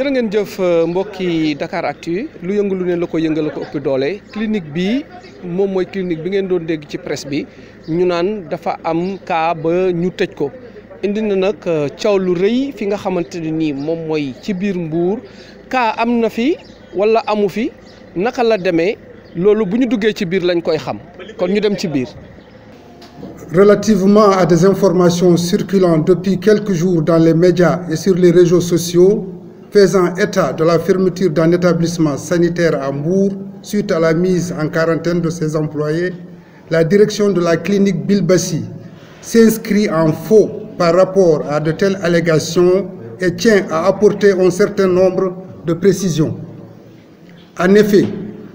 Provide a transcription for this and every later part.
jërë ngeen jëf euh, mbokki Dakar Actu lu yëngu ne ko yëngal ko doole clinique bi mom moy clinique bi ngeen doon dégg ci presse bi ñu naan dafa am ka ba ñu tëj ko indi na nag euh, coow lu rëy fi nga xamanteni ne nii moom ci biir Mbuur ka am na fi wala amu fi naka la demee loolu bu ci biir lañ koy xam kon ñu dem ci biir. Relativement à des informations circulant depuis quelques jours dans les médias et sur les réseaux sociaux faisant état de la fermeture d'un établissement sanitaire à Mbour suite à la mise en quarantaine de ses employés, la direction de la clinique Bilbassi s'inscrit en faux par rapport à de telles allégations et tient à apporter un certain nombre de précisions. En effet,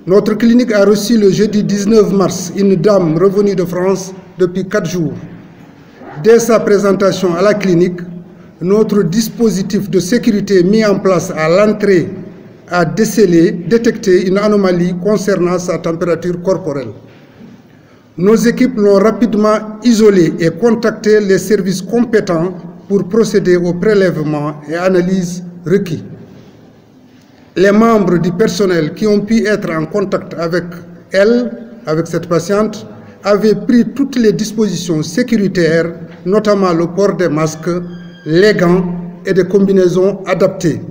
notre clinique a reçu le jeudi 19 mars une dame revenue de France depuis quatre jours. Dès sa présentation à la clinique, notre dispositif de sécurité mis en place à l'entrée a décelé, détecté une anomalie concernant sa température corporelle. Nos équipes l'ont rapidement isolé et contacté les services compétents pour procéder au prélèvement et analyse requis. Les membres du personnel qui ont pu être en contact avec elle, avec cette patiente, avaient pris toutes les dispositions sécuritaires, notamment le port des masques, les gants et des combinaisons adaptées.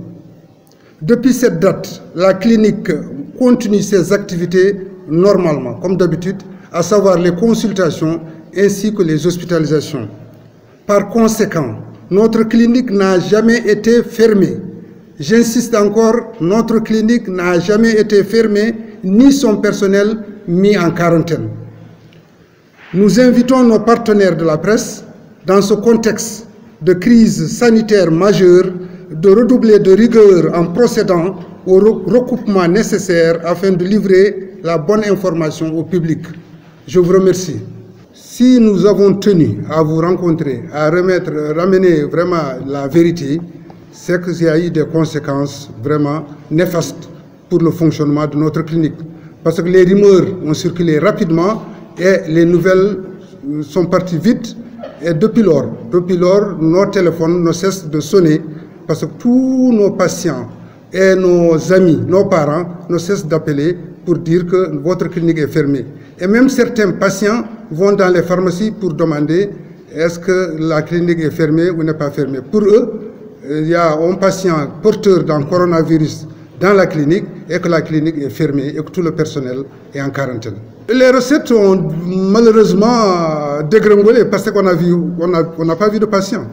Depuis cette date, la clinique continue ses activités normalement, comme d'habitude, à savoir les consultations ainsi que les hospitalisations. Par conséquent, notre clinique n'a jamais été fermée. J'insiste encore, notre clinique n'a jamais été fermée, ni son personnel mis en quarantaine. Nous invitons nos partenaires de la presse, dans ce contexte, de crise sanitaire majeure de redoubler de rigueur en procédant au recoupement nécessaire afin de livrer la bonne information au public. Je vous remercie. Si nous avons tenu à vous rencontrer, à remettre, ramener vraiment la vérité, c'est qu'il y a eu des conséquences vraiment néfastes pour le fonctionnement de notre clinique. Parce que les rumeurs ont circulé rapidement et les nouvelles euh, sont parties vite et depuis lors, depuis lors, nos téléphones ne cessent de sonner parce que tous nos patients et nos amis, nos parents ne cessent d'appeler pour dire que votre clinique est fermée. Et même certains patients vont dans les pharmacies pour demander est-ce que la clinique est fermée ou n'est pas fermée. Pour eux, il y a un patient porteur d'un coronavirus dans la clinique, et que la clinique est fermée et que tout le personnel est en quarantaine. Les recettes ont malheureusement dégringolé parce qu'on n'a on pas vu de patients.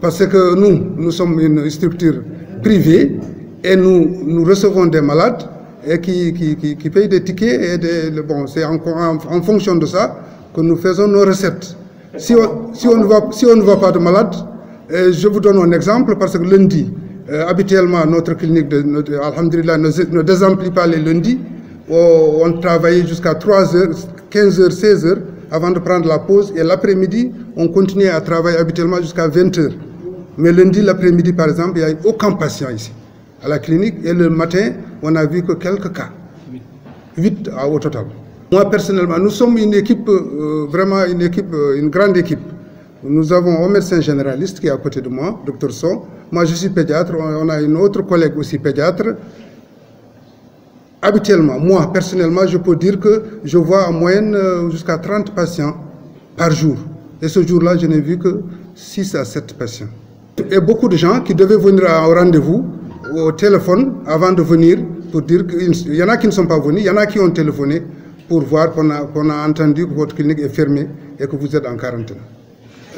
Parce que nous, nous sommes une structure privée et nous, nous recevons des malades et qui, payent des tickets. Et bon, c'est en, en, fonction de ça que nous faisons nos recettes. Si voit, si on ne voit pas de malades, je vous donne un exemple parce que lundi, euh, habituellement, notre clinique, de, Alhamdulillah, ne, ne désemplit pas les lundis. Oh, on travaillait jusqu'à 3 h 15 h 16 h avant de prendre la pause. Et l'après-midi, on continuait à travailler habituellement jusqu'à 20 h Mais lundi, l'après-midi, par exemple, il n'y a aucun patient ici à la clinique. Et le matin, on a vu que quelques cas. 8 au total. Moi, personnellement, nous sommes une équipe, euh, vraiment une équipe, euh, une grande équipe. Nous avons un médecin généraliste qui est à côté de moi, Dr Son, moi, je suis pédiatre, on a une autre collègue aussi pédiatre. Habituellement, moi, personnellement, je peux dire que je vois en moyenne euh, jusqu'à 30 patients par jour. Et ce jour-là, je n'ai vu que 6 à 7 patients. Et beaucoup de gens qui devaient venir au rendez-vous, au téléphone, avant de venir, pour dire qu'il y en a qui ne sont pas venus, il y en a qui ont téléphoné pour voir qu'on a entendu que votre clinique est fermée et que vous êtes en quarantaine.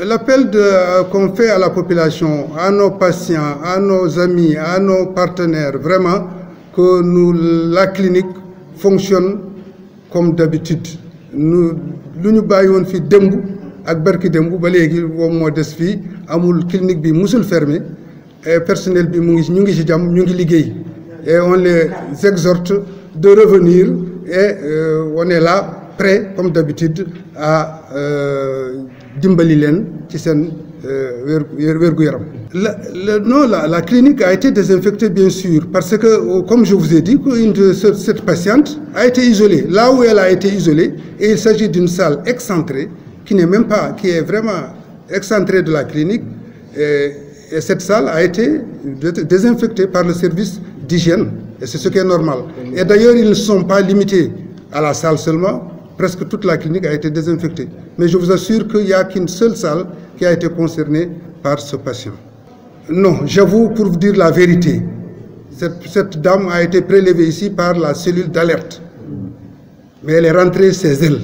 L'appel euh, qu'on fait à la population, à nos patients, à nos amis, à nos partenaires, vraiment, que nous, la clinique fonctionne comme d'habitude. Nous, clinique fermé et personnel bi et on les exhorte de revenir et euh, on est là prêt comme d'habitude à euh, dimbali Tissen, ci euh, non la clinique a été désinfectée bien sûr parce que oh, comme je vous ai dit une de cette patiente a été isolée là où elle a été isolée et il s'agit d'une salle excentrée qui n'est même pas qui est vraiment excentrée de la clinique et cette salle a été désinfectée par le service d'hygiène et c'est ce qui est normal et d'ailleurs ils ne sont pas limités à la salle seulement presque toute la clinique a été désinfectée. Mais je vous assure qu'il n'y a qu'une seule salle qui a été concernée par ce patient. Non, j'avoue, pour vous dire la vérité, cette, dame a été prélevée ici par la cellule d'alerte. Mais elle est rentrée chez elle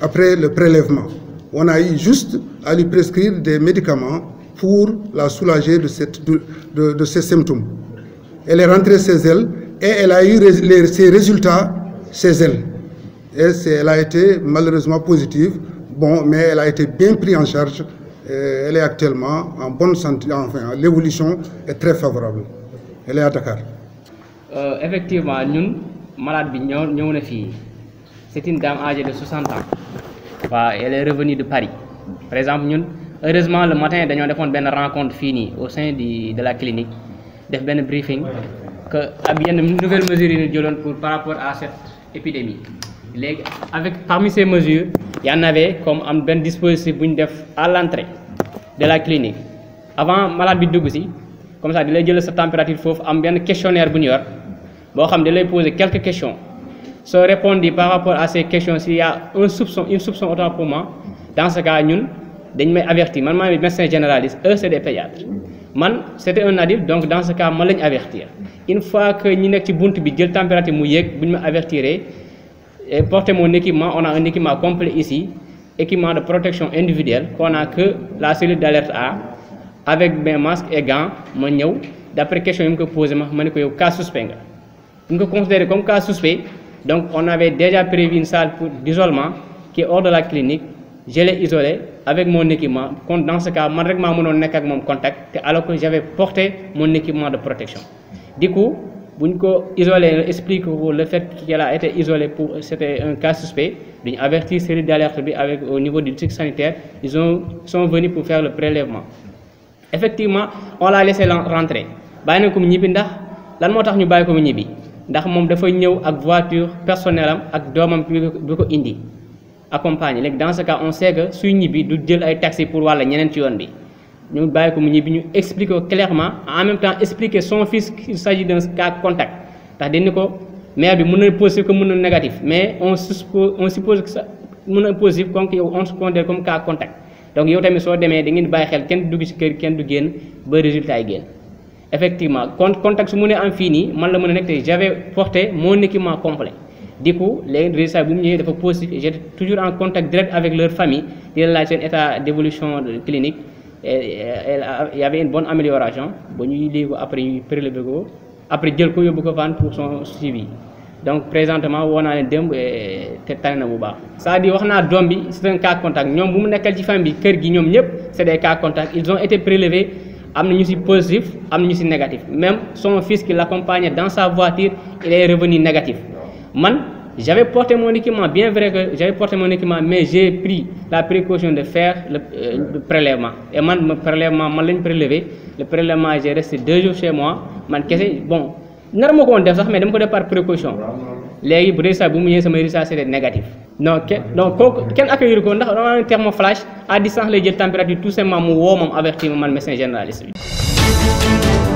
après le prélèvement. On a eu juste à lui prescrire des médicaments pour la soulager de, ses symptômes. Elle est rentrée chez elle et elle a eu ses résultats chez elle elle a été malheureusement positive, bon, mais elle a été bien prise en charge. elle est actuellement en bonne santé, enfin, l'évolution est très favorable. Elle est à Dakar. Euh, effectivement, nous, malade, nous, sommes fille. C'est une dame âgée de 60 ans. elle est revenue de Paris. Par exemple, nous, heureusement, le matin, nous avons fait une rencontre finie au sein de la clinique, nous avons un briefing, que, à bien une nouvelle mesure nous pour, par rapport à cette épidémie avec parmi ces mesures il y en avait comme am benn dispositif def à l'entrée de la clinique avant malade bi dugg comme ça di lay jël sa température foofu am benn questionnaire bu ñu yor boo xam poser quelques questions se répondre par rapport à ces questions s'il y a une soupçon une soupçon autant pour moi dans ce cas ñun dañ may avertir man je suis médecin généraliste eux c'est des pédiatres man c'était un adulte donc dans ce cas ma lañ avertir une fois que ñi avons ci bunt bi jël température mu yéeg bu ma et porter mon équipement, on a un équipement complet ici, équipement de protection individuelle qu'on a que la cellule d'alerte A avec mes masques et gants mon D'après d'après question que ko posé ma suis cas suspect comme cas suspect donc on avait déjà prévu une salle d'isolement qui est hors de la clinique je l'ai isolé avec mon équipement dans ce cas je rek pas eu contact alors que j'avais porté mon équipement de protection du coup buñ ko isolé explique le fait qu'elle a été isolée pour c'était un cas suspect dañu avertir série d'alerte bi avec au niveau du district sanitaire ils ont sont venus pour faire le prélèvement effectivement on l'a laissé rentrer Bah na ko mu ñibbi ndax lan moo tax ñu bàyyi ko mu ñibbi ndax moom dafa voiture personnelle am ak doomam bi ko indi accompagné dans ce cas on sait que suy ñibbi du jël ay taxi pour voir ñeneen ci yoon bi nous bàyyi ko expliquer clairement en même temps expliquer son fils qu'il s'agit d'un cas contact ndax dañ ni ko maire bi positif comme négatif mais on suppose on suppose que ça mën positif comme yow on se considère comme cas contact donc yow tamit dit demee da ngeen bàyyi xel kenn dugg ci kër kenn du génn ba résultat effectivement contact su infini, man la j'avais porté mon équipement complet du coup les résultat sont positifs, dafa j'étais toujours en contact direct avec leur famille dans la chaîne état d'évolution clinique il y avait une bonne amélioration bon il après il prélevé. ko après jël ko yóbbu ko pour son suivi donc présentement on a un démb te tane na bu Ça c'est-à-dire wax c'est un cas contact nous bu mu nekkal ci famille bi c'est des cas contact. ils ont été prélevés am na ñu positif am négatif même son fils qui l'accompagnait dans sa voiture il est revenu négatif j'avais porté mon équipement, bien vrai que j'avais porté mon équipement, mais j'ai pris la précaution de faire le, euh, prélèvement. Et moi, le prélèvement, je l'ai prélevé. Le prélèvement, j'ai resté deux jours chez moi. Man, bon, normal qu'on def ça, mais je ne par précaution. les bu dee saa les ça c'est résultats négatif non négatif. donc accueil kenn accueillir ko ndax un naan à distance légère la température tout simplement mu averti moom avertir man médecin généraliste